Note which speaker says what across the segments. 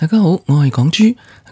Speaker 1: 大家好，我係港珠，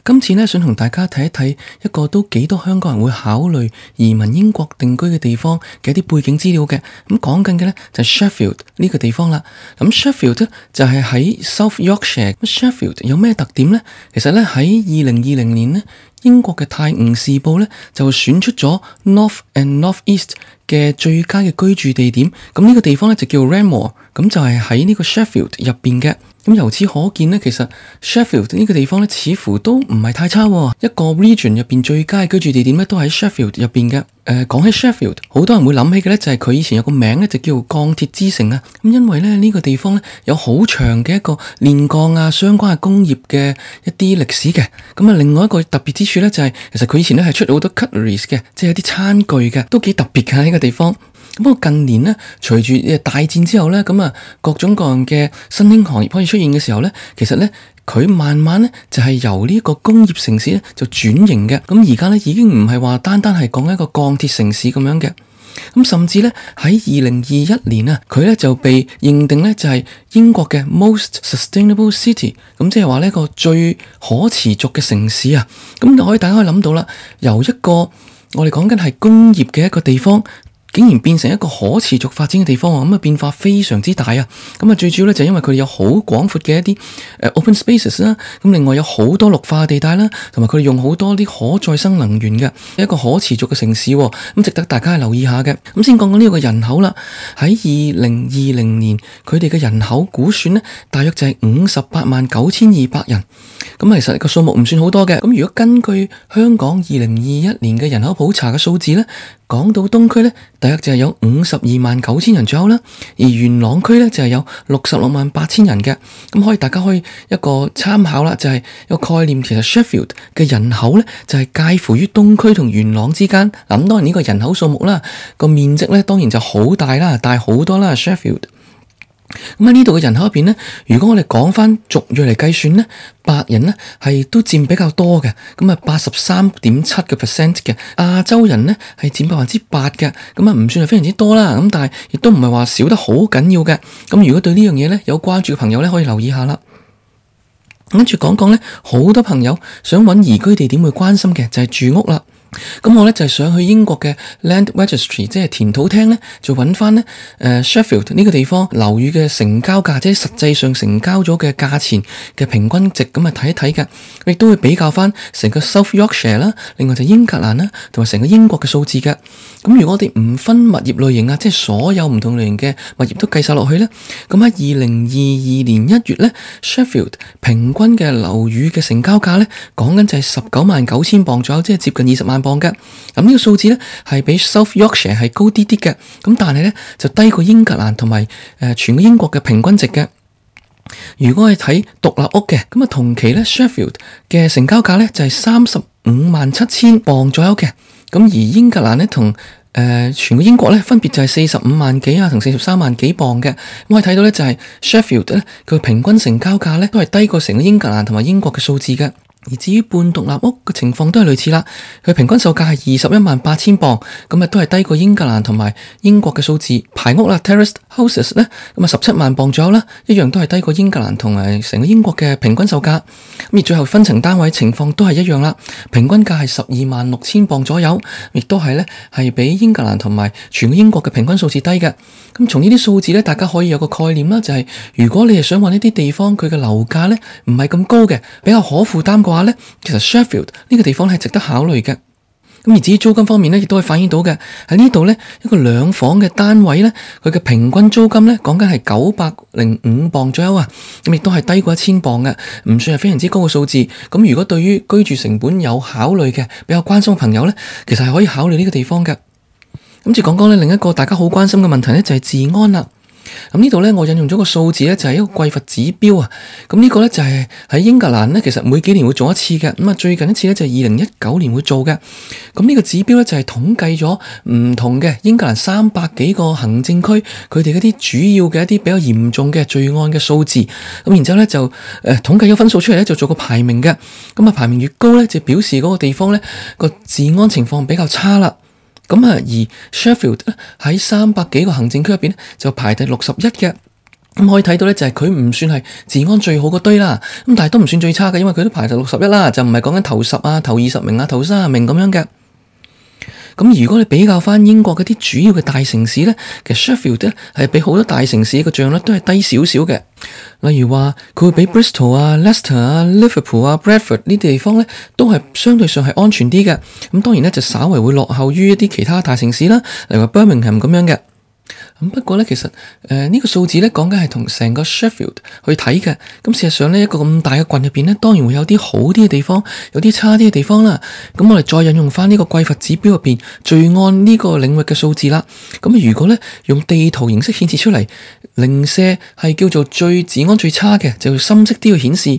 Speaker 1: 今次咧想同大家睇一睇一個都幾多香港人會考慮移民英國定居嘅地方嘅一啲背景資料嘅，咁、嗯、講緊嘅呢，就是、Sheffield 呢個地方啦。咁 Sheffield 就係喺 South Yorkshire。Sheffield 有咩特點呢？其實呢，喺二零二零年咧，英國嘅泰晤士報呢，就選出咗 North and North East 嘅最佳嘅居住地點。咁呢個地方呢，就叫 Ranmore，咁就係喺呢個 Sheffield 入邊嘅。咁由此可見呢，其實 Sheffield 呢個地方呢，似乎都唔係太差。一個 region 入邊最佳居住地點呢，都喺 Sheffield 入邊嘅。誒，講起 Sheffield，好多人會諗起嘅呢，就係佢以前有個名呢，就叫做鋼鐵之城啊。咁因為呢，呢，呢個地方呢，有好長嘅一個煉鋼啊，相關嘅工業嘅一啲歷史嘅。咁啊，另外一個特別之處呢，就係，就係其實佢以前呢係出好多 cutlery 嘅，即係一啲餐具嘅，都幾特別嘅呢個地方。不過近年咧，隨住大戰之後咧，咁啊，各種各樣嘅新興行業開始出現嘅時候咧，其實咧，佢慢慢咧就係由呢一個工業城市咧就轉型嘅。咁而家咧已經唔係話單單係講一個鋼鐵城市咁樣嘅。咁甚至咧喺二零二一年啊，佢咧就被認定咧就係英國嘅 most sustainable city，咁即係話呢一個最可持續嘅城市啊。咁可以大家可以諗到啦，由一個我哋講緊係工業嘅一個地方。竟然變成一個可持續發展嘅地方喎，咁啊變化非常之大啊！咁啊最主要咧就係因為佢哋有好廣闊嘅一啲誒 open spaces 啦，咁另外有好多綠化地帶啦，同埋佢哋用好多啲可再生能源嘅，一個可持續嘅城市，咁值得大家留意下嘅。咁先講講呢個嘅人口啦，喺二零二零年佢哋嘅人口估算咧，大約就係五十八萬九千二百人。咁其實個數目唔算好多嘅。咁如果根據香港二零二一年嘅人口普查嘅數字咧。講到東區呢，第一就係有五十二萬九千人左右啦，而元朗區呢，就係有六十六萬八千人嘅，咁可以大家可以一個參考啦，就係一個概念，其實 Sheffield 嘅人口呢，就係介乎於東區同元朗之間，咁當然呢個人口數目啦，個面積呢，當然就好大啦，大好多啦 Sheffield。咁喺呢度嘅人口入邊咧，如果我哋講翻逐樣嚟計算咧，白人咧係都佔比較多嘅，咁啊八十三點七嘅 percent 嘅，亞洲人咧係佔百分之八嘅，咁啊唔算係非常之多啦，咁但係亦都唔係話少得好緊要嘅，咁如果對呢樣嘢咧有關注嘅朋友咧可以留意下啦，跟住講講咧，好多朋友想揾移居地點去關心嘅就係住屋啦。咁我咧就係想去英國嘅 Land Registry，即係填土廳咧，就揾翻咧誒、呃、Sheffield 呢個地方樓宇嘅成交價，即係實際上成交咗嘅價錢嘅平均值，咁啊睇一睇嘅，亦都會比較翻成個 South Yorkshire 啦，另外就英格蘭啦，同埋成個英國嘅數字嘅。咁如果我哋唔分物業類型啊，即係所有唔同類型嘅物業都計晒落去咧，咁喺二零二二年一月咧，Sheffield 平均嘅樓宇嘅成交價咧，講緊就係十九萬九千鎊左右，即係接近二十萬。磅嘅，咁呢個數字咧係比 South Yorkshire 係高啲啲嘅，咁但係咧就低過英格蘭同埋誒，全個英國嘅平均值嘅。如果我哋睇獨立屋嘅，咁啊同期咧 Sheffield 嘅成交價咧就係三十五萬七千磅左右嘅，咁而英格蘭咧同誒，全個英國咧分別就係四十五萬幾啊同四十三萬幾磅嘅。咁我哋睇到咧就係 Sheffield 咧佢平均成交價咧都係低過成個英格蘭同埋英國嘅數字嘅。而至於半獨立屋嘅情況都係類似啦，佢平均售價係二十一萬八千磅，咁啊都係低過英格蘭同埋英國嘅數字。排屋啦，terraced houses 咧，咁啊十七萬磅左右啦，一樣都係低過英格蘭同埋成個英國嘅平均售價。咁而最後分層單位情況都係一樣啦，平均價係十二萬六千磅左右，亦都係咧係比英格蘭同埋全個英國嘅平均數字低嘅。咁從呢啲數字咧，大家可以有個概念啦，就係如果你係想揾一啲地方，佢嘅樓價咧唔係咁高嘅，比較可負擔啩。其實 Sheffield 呢個地方係值得考慮嘅。咁而至於租金方面呢，亦都可以反映到嘅。喺呢度呢，一個兩房嘅單位呢，佢嘅平均租金呢，講緊係九百零五磅左右啊。咁亦都係低過一千磅嘅，唔算係非常之高嘅數字。咁如果對於居住成本有考慮嘅，比較關心嘅朋友呢，其實係可以考慮呢個地方嘅。咁接講講呢另一個大家好關心嘅問題呢，就係、是、治安啦。咁呢度咧，我引用咗個數字咧，就係一個匱乏指標啊。咁呢個咧就係喺英格蘭咧，其實每幾年會做一次嘅。咁啊，最近一次咧就係二零一九年會做嘅。咁呢個指標咧就係統計咗唔同嘅英格蘭三百幾個行政區佢哋嗰啲主要嘅一啲比較嚴重嘅罪案嘅數字。咁然之後咧就誒統計咗分數出嚟咧，就做個排名嘅。咁啊，排名越高咧，就表示嗰個地方咧個治安情況比較差啦。而 Sheffield 咧喺三百幾個行政區入面就排第六十一嘅。可以睇到咧，就係佢唔算係治安最好嗰堆啦。但係都唔算最差嘅，因為佢都排第六十一啦，就唔係講緊頭十啊、頭二十名啊、頭三十名咁樣嘅。咁如果你比較返英國嗰啲主要嘅大城市咧，其實 Sheffield 咧係比好多大城市嘅降率都係低少少嘅。例如話佢會比 Bristol 啊、Leicester 啊、Liverpool 啊、Bradford 呢啲地方呢，都係相對上係安全啲嘅。咁當然咧就稍為會落後於一啲其他大城市啦，例如 Birmingham 咁樣嘅。咁不過咧，其實誒、呃這個、呢個數字咧講緊係同成個 Sheffield 去睇嘅。咁事實上呢，一個咁大嘅郡入邊咧，當然會有啲好啲嘅地方，有啲差啲嘅地方啦。咁我哋再引用翻呢個匱乏指標入邊，罪案呢個領域嘅數字啦。咁如果咧用地圖形式顯示出嚟，零舍係叫做最治安最差嘅，就用深色啲去顯示；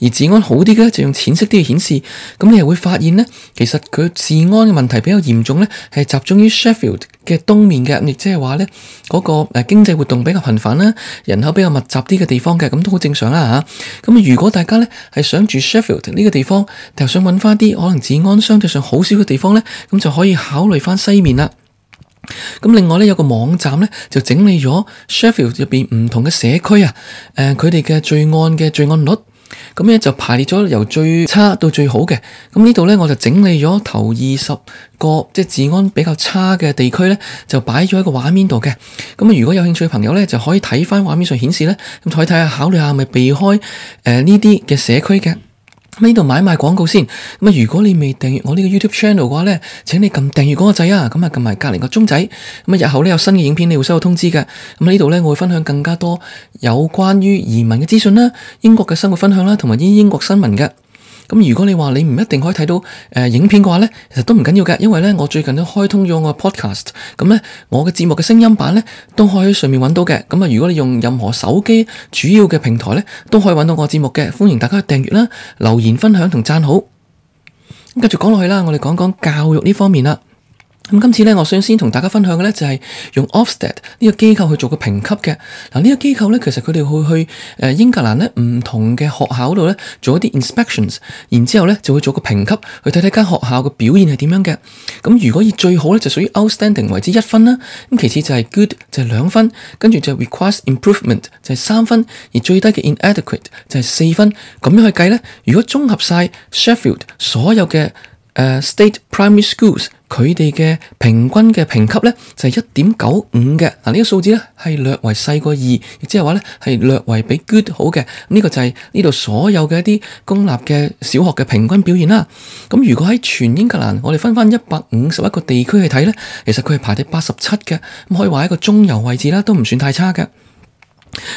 Speaker 1: 而治安好啲嘅就用淺色啲去顯示。咁你又會發現咧，其實佢治安嘅問題比較嚴重咧，係集中於 Sheffield。嘅東面嘅，亦即係話咧，嗰個誒經濟活動比較頻繁啦，人口比較密集啲嘅地方嘅，咁都好正常啦嚇。咁如果大家咧係想住 Sheffield 呢個地方，又想揾翻啲可能治安相對上好少嘅地方咧，咁就可以考慮翻西面啦。咁另外咧有個網站咧就整理咗 Sheffield 入邊唔同嘅社區啊，誒佢哋嘅罪案嘅罪案率。咁咧就排列咗由最差到最好嘅，咁呢度咧我就整理咗頭二十個即係治安比較差嘅地區咧，就擺咗喺個畫面度嘅。咁啊，如果有興趣嘅朋友咧，就可以睇翻畫面上顯示咧，咁再睇下考慮下，係咪避開誒呢啲嘅社區嘅。呢度買賣廣告先，咁啊，如果你未訂閱我呢個 YouTube channel 嘅話咧，請你撳訂閱嗰個掣啊，咁啊撳埋隔籬個鐘仔，咁啊日後咧有新嘅影片你會收到通知嘅。咁呢度咧我會分享更加多有關於移民嘅資訊啦，英國嘅生活分享啦，同埋呢啲英國新聞嘅。咁如果你話你唔一定可以睇到誒影片嘅話咧，其實都唔緊要嘅，因為咧我最近都開通咗我嘅 podcast，咁咧我嘅節目嘅聲音版咧都可以喺上面揾到嘅。咁啊，如果你用任何手機主要嘅平台咧，都可以揾到我節目嘅，歡迎大家訂閱啦，留言分享同讚好。咁繼續講落去啦，我哋講講教育呢方面啦。今次咧，我想先同大家分享嘅咧就係用 Ofsted 呢個機構去做個評級嘅嗱。呢個機構咧，其實佢哋會去誒英格蘭咧唔同嘅學校度咧做一啲 inspections，然之後咧就會做個評級，去睇睇間學校嘅表現係點樣嘅。咁如果以最好咧就屬於 outstanding 為之一分啦，咁其次就係 good 就係兩分，跟住就 requires improvement 就係三分，而最低嘅 inadequate 就係四分。咁樣去計咧，如果綜合晒 Sheffield 所有嘅誒 state primary schools。佢哋嘅平均嘅評級咧就係一點九五嘅，嗱、這、呢個數字咧係略為細過二，亦即係話咧係略為比 good 好嘅。呢、這個就係呢度所有嘅一啲公立嘅小學嘅平均表現啦。咁如果喺全英格蘭，我哋分翻一百五十一個地區去睇咧，其實佢係排第八十七嘅，咁可以話係一個中游位置啦，都唔算太差嘅。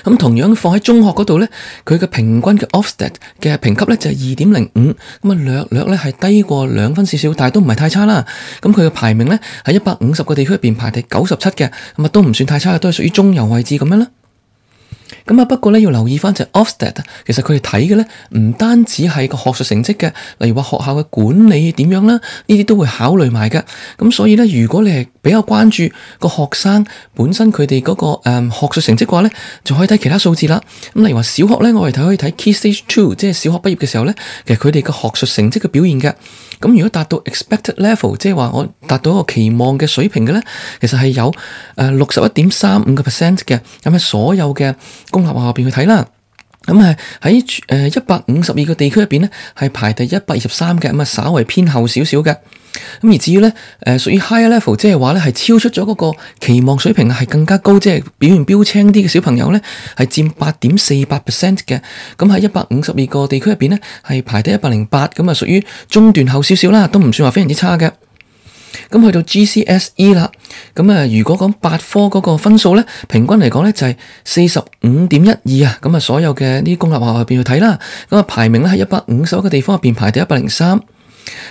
Speaker 1: 咁同樣放喺中學嗰度呢，佢嘅平均嘅 Ofsted 嘅評級呢就係二點零五，咁啊略略呢係低過兩分少少，但係都唔係太差啦。咁佢嘅排名呢，喺一百五十個地區入邊排第九十七嘅，咁啊都唔算太差嘅，都係屬於中游位置咁樣啦。咁啊，不過咧要留意翻就係 Ofsted，其實佢哋睇嘅咧唔單止係個學術成績嘅，例如話學校嘅管理點樣啦，呢啲都會考慮埋嘅。咁所以咧，如果你係比較關注個學生本身佢哋嗰個誒、嗯、學術成績嘅話咧，就可以睇其他數字啦。咁例如話小學咧，我哋睇可以睇 key stage two，即係小學畢業嘅時候咧，其實佢哋嘅學術成績嘅表現嘅。咁如果達到 expected level，即係話我達到一個期望嘅水平嘅咧，其實係有誒六十一點三五嘅 percent 嘅，咁係所有嘅。綜合下邊去睇啦，咁啊喺一百五十二個地區入邊呢，係排第一百二十三嘅，咁啊稍為偏後少少嘅。咁而至於呢，誒屬於 higher level，即係話呢，係超出咗嗰個期望水平啊，係更加高，即係表現標青啲嘅小朋友呢，係佔八點四八 percent 嘅。咁喺一百五十二個地區入邊呢，係排第一百零八，咁啊屬於中段後少少啦，都唔算話非常之差嘅。咁去到 GCSE 啦，咁啊，如果講八科嗰個分數咧，平均嚟講咧就係四十五點一二啊，咁啊所有嘅呢啲公立學校入邊去睇啦，咁啊排名咧喺一百五十一個地方入邊排第一百零三。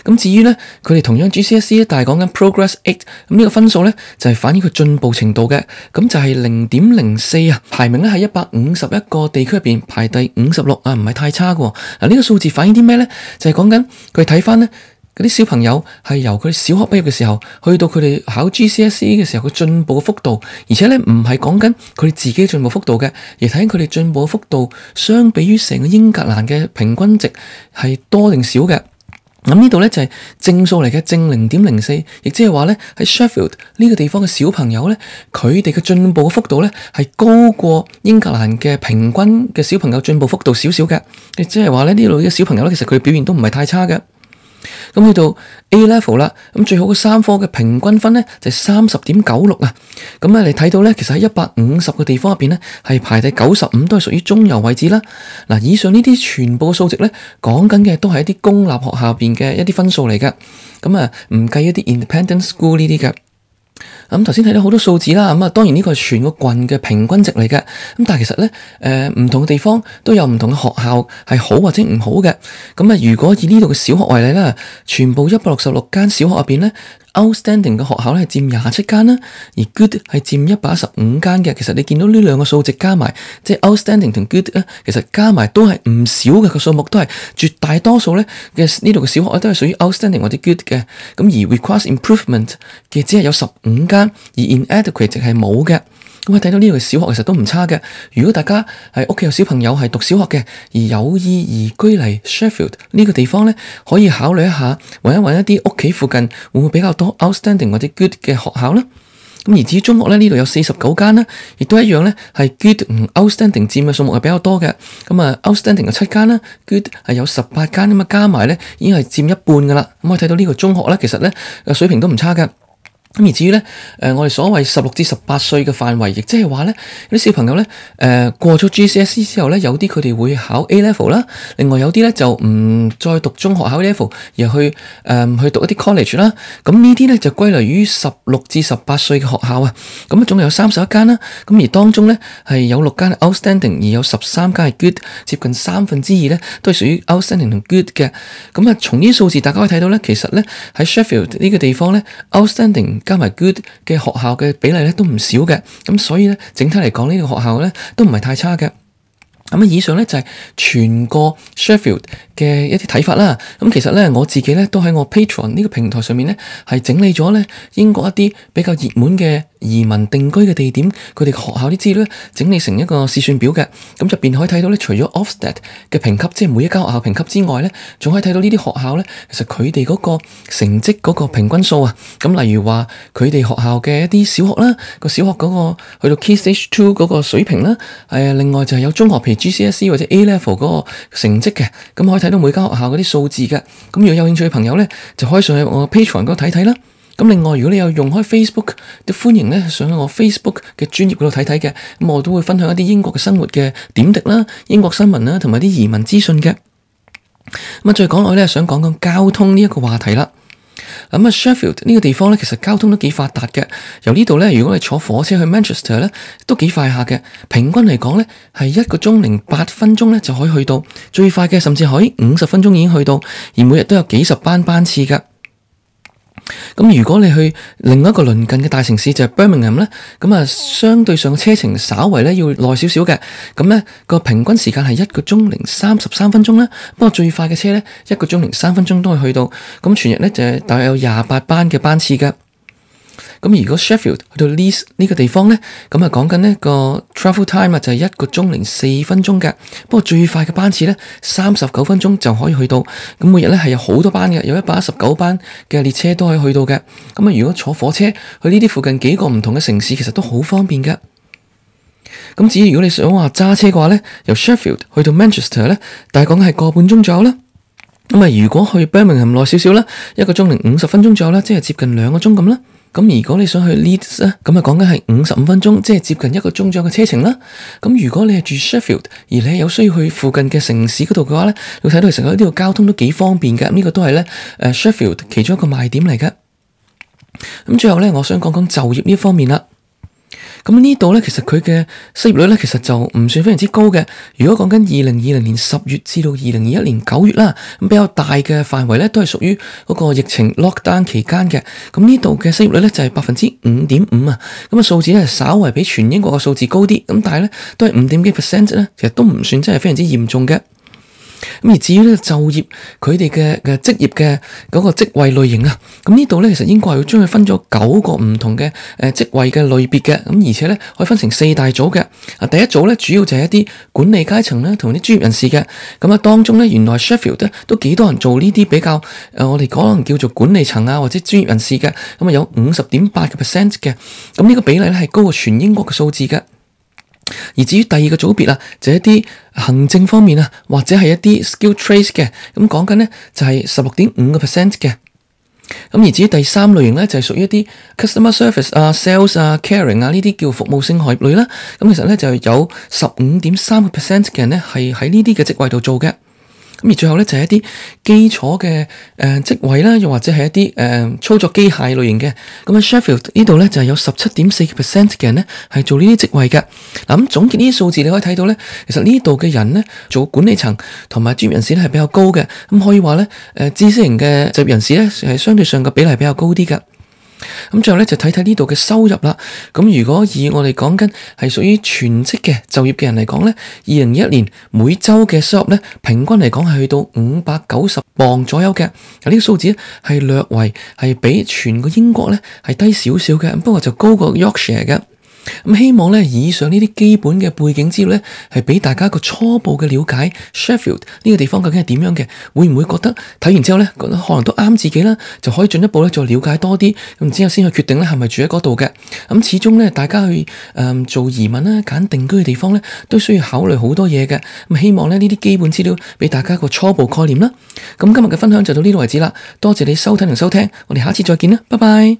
Speaker 1: 咁至於咧佢哋同樣 GCSE，但係講緊 Progress Eight，咁呢個分數咧就係、是、反映佢進步程度嘅，咁就係零點零四啊，排名咧喺一百五十一個地區入邊排第五十六啊，唔係太差噶。嗱、這、呢個數字反映啲咩咧？就係講緊佢睇返咧。嗰啲小朋友係由佢小學畢業嘅時候去到佢哋考 GCSE 嘅時候，佢進步嘅幅度，而且咧唔係講緊佢哋自己進步幅度嘅，而睇佢哋進步嘅幅度相比於成個英格蘭嘅平均值係多定少嘅。咁呢度咧就係正數嚟嘅，正零點零四，亦即係話咧喺 Sheffield 呢個地方嘅小朋友咧，佢哋嘅進步嘅幅度咧係高過英格蘭嘅平均嘅小朋友進步幅度少少嘅。亦即係話咧呢度嘅小朋友咧，其實佢表現都唔係太差嘅。咁去到 A level 啦，咁最好嘅三科嘅平均分呢，就係三十點九六啊，咁、嗯、咧你睇到咧，其實喺一百五十個地方入邊咧係排第九十五，都係屬於中游位置啦。嗱，以上呢啲全部嘅數值咧，講緊嘅都係一啲公立學校入邊嘅一啲分數嚟嘅，咁啊唔計一啲 Independent School 呢啲嘅。咁頭先睇到好多數字啦，咁啊當然呢個係全個郡嘅平均值嚟嘅，咁但係其實咧，誒唔同嘅地方都有唔同嘅學校係好或者唔好嘅，咁啊如果以呢度嘅小學為例啦，全部一百六十六間小學入邊咧。Outstanding 嘅學校咧係佔廿七間啦，而 good 係佔一百一十五間嘅。其實你見到呢兩個數值加埋，即係 outstanding 同 good 咧，其實加埋都係唔少嘅個數目，都係絕大多數咧嘅呢度嘅小學都係屬於 outstanding 或者 good 嘅。咁而 request improvement 嘅只係有十五間，而 inadequate 係冇嘅。咁我睇到呢度小學其實都唔差嘅。如果大家係屋企有小朋友係讀小學嘅，而有意移居嚟 Sheffield 呢個地方咧，可以考慮一下，揾一揾一啲屋企附近會唔會比較多 outstanding 或者 good 嘅學校啦。咁而至於中學咧，呢度有四十九間啦，亦都一樣咧係 good 同 outstanding 佔嘅數目係比較多嘅。咁啊，outstanding 有七間啦，good 係有十八間咁啊，加埋咧已經係佔一半噶啦。咁我睇到呢個中學咧，其實咧個水平都唔差嘅。咁而至於咧，誒、呃、我哋所謂十六至十八歲嘅範圍，亦即係話呢有啲小朋友呢，誒、呃、過咗 GCSE 之後呢，有啲佢哋會考 A level 啦，另外有啲呢就唔再讀中學考 A level，而去誒、呃、去讀一啲 college 啦。咁、嗯、呢啲呢就歸類於十六至十八歲嘅學校啊。咁總共有三十一間啦。咁而當中呢，係有六間 outstanding，而有十三間係 good，接近三分之二呢都係屬於 outstanding 同 good 嘅。咁、嗯、啊，從呢啲數字大家可以睇到呢，其實呢喺 Sheffield 呢個地方呢，outstanding 加埋 good 嘅學校嘅比例咧都唔少嘅，咁所以咧整體嚟講呢個學校咧都唔係太差嘅。咁啊，以上咧就係全個 Sheffield 嘅一啲睇法啦。咁其實咧我自己咧都喺我 Patreon 呢個平台上面咧係整理咗咧英國一啲比較熱門嘅移民定居嘅地點，佢哋學校啲資料整理成一個試算表嘅，咁入邊可以睇到咧，除咗 Ofsted 嘅評級，即係每一間學校評級之外咧，仲可以睇到呢啲學校咧，其實佢哋嗰個成績嗰個平均數啊，咁例如話佢哋學校嘅一啲小學啦，個小學嗰個去到 Key Stage Two 嗰個水平啦，誒，另外就係有中學譬如 GCSE 或者 A Level 嗰個成績嘅，咁可以睇到每間學校嗰啲數字嘅，咁如果有興趣嘅朋友咧，就可以上去我 Patreon 嗰度睇睇啦。咁另外，如果你有用開 Facebook，都歡迎咧上我 Facebook 嘅專頁嗰度睇睇嘅，咁我都會分享一啲英國嘅生活嘅點滴啦、英國新聞啦，同埋啲移民資訊嘅。咁再講落去咧，想講講交通呢一個話題啦。咁啊，Sheffield 呢個地方咧，其實交通都幾發達嘅。由呢度咧，如果你坐火車去 Manchester 咧，都幾快下嘅。平均嚟講呢，係一個鐘零八分鐘呢就可以去到，最快嘅甚至可以五十分鐘已經去到，而每日都有幾十班班次噶。咁如果你去另外一個鄰近嘅大城市就係 Birmingham 咧，咁啊相對上嘅車程稍為呢要耐少少嘅，咁呢個平均時間係一個鐘零三十三分鐘啦，不過最快嘅車呢，一個鐘零三分鐘都可以去到，咁全日呢，就大約有廿八班嘅班次噶。咁如果 Sheffield 去到 Leeds 呢個地方呢，咁啊講緊呢個 travel time 啊，就係一個鐘零四分鐘嘅。不過最快嘅班次呢，三十九分鐘就可以去到。咁每日呢，係有好多班嘅，有一百一十九班嘅列車都可以去到嘅。咁啊，如果坐火車去呢啲附近幾個唔同嘅城市，其實都好方便嘅。咁至於如果你想話揸車嘅話呢，由 Sheffield 去到 Manchester 呢，大概講係個半鐘左右啦。咁啊，如果去 Birmingham 耐少少啦，一個鐘零五十分鐘左右啦，即係接近兩個鐘咁啦。咁如果你想去 Leeds 咧，咁啊講緊係五十五分鐘，即係接近一個鐘左右嘅車程啦。咁如果你係住 Sheffield，而你有需要去附近嘅城市嗰度嘅話咧，你會睇到成個呢度交通都幾方便嘅。呢個都係呢，誒 Sheffield 其中一個賣點嚟嘅。咁最後呢，我想講講就業呢方面啦。咁呢度呢，其實佢嘅失業率呢，其實就唔算非常之高嘅。如果講緊二零二零年十月至到二零二一年九月啦，比較大嘅範圍呢，都係屬於嗰個疫情 lockdown 期間嘅。咁呢度嘅失業率呢，就係百分之五點五啊。咁嘅數字呢，稍為比全英國嘅數字高啲，咁但係呢，都係五點幾 percent 咧，其實都唔算真係非常之嚴重嘅。而至於咧，就業佢哋嘅嘅職業嘅嗰個職位類型啊，咁呢度咧，其實英國係會將佢分咗九個唔同嘅誒職位嘅類別嘅，咁、啊、而且咧，可以分成四大組嘅。啊，第一組咧，主要就係一啲管理階層啦，同啲專業人士嘅。咁啊，當中咧，原來 Sheffield 都幾多人做呢啲比較誒、呃，我哋可能叫做管理層啊，或者專業人士嘅。咁啊，有五十點八個 percent 嘅，咁呢、啊這個比例咧係高過全英國嘅數字嘅。而至於第二個組別啦，就係一啲行政方面啊，或者係一啲 skill trades 嘅，咁講緊呢，就係十六點五個 percent 嘅。咁而至於第三類型呢，就係、是、屬於一啲 customer service 啊、uh,、sales 啊、uh,、caring 啊呢啲叫服務性行業類啦。咁其實呢，就有十五點三個 percent 嘅人呢，係喺呢啲嘅職位度做嘅。咁而最後呢，就係一啲基礎嘅誒職位啦，又或者係一啲誒操作機械類型嘅。咁啊，Sheffield 呢度呢，就係有十七點四 percent 嘅人呢係做呢啲職位嘅。嗱，咁總結呢啲數字，你可以睇到呢，其實呢度嘅人呢做管理層同埋專業人士呢係比較高嘅。咁可以話呢，知識型嘅職業人士呢係相對上嘅比例比較高啲㗎。咁最後咧就睇睇呢度嘅收入啦。咁如果以我哋講緊係屬於全職嘅就業嘅人嚟講呢，二零一一年每周嘅收入呢，平均嚟講係去到五百九十磅左右嘅。這個、數呢個數字係略為係比全個英國咧係低少少嘅，不過就高過 Yorkshire 嘅。咁希望咧，以上呢啲基本嘅背景資料咧，係俾大家一個初步嘅了解。Sheffield 呢個地方究竟係點樣嘅？會唔會覺得睇完之後咧，覺得可能都啱自己啦，就可以進一步咧再了解多啲，咁之後先去決定咧係咪住喺嗰度嘅。咁始終咧，大家去誒、呃、做移民啦，揀定居嘅地方咧，都需要考慮好多嘢嘅。咁希望咧，呢啲基本資料俾大家一個初步概念啦。咁今日嘅分享就到呢度為止啦。多謝你收睇同收聽，我哋下次再見啦，拜拜。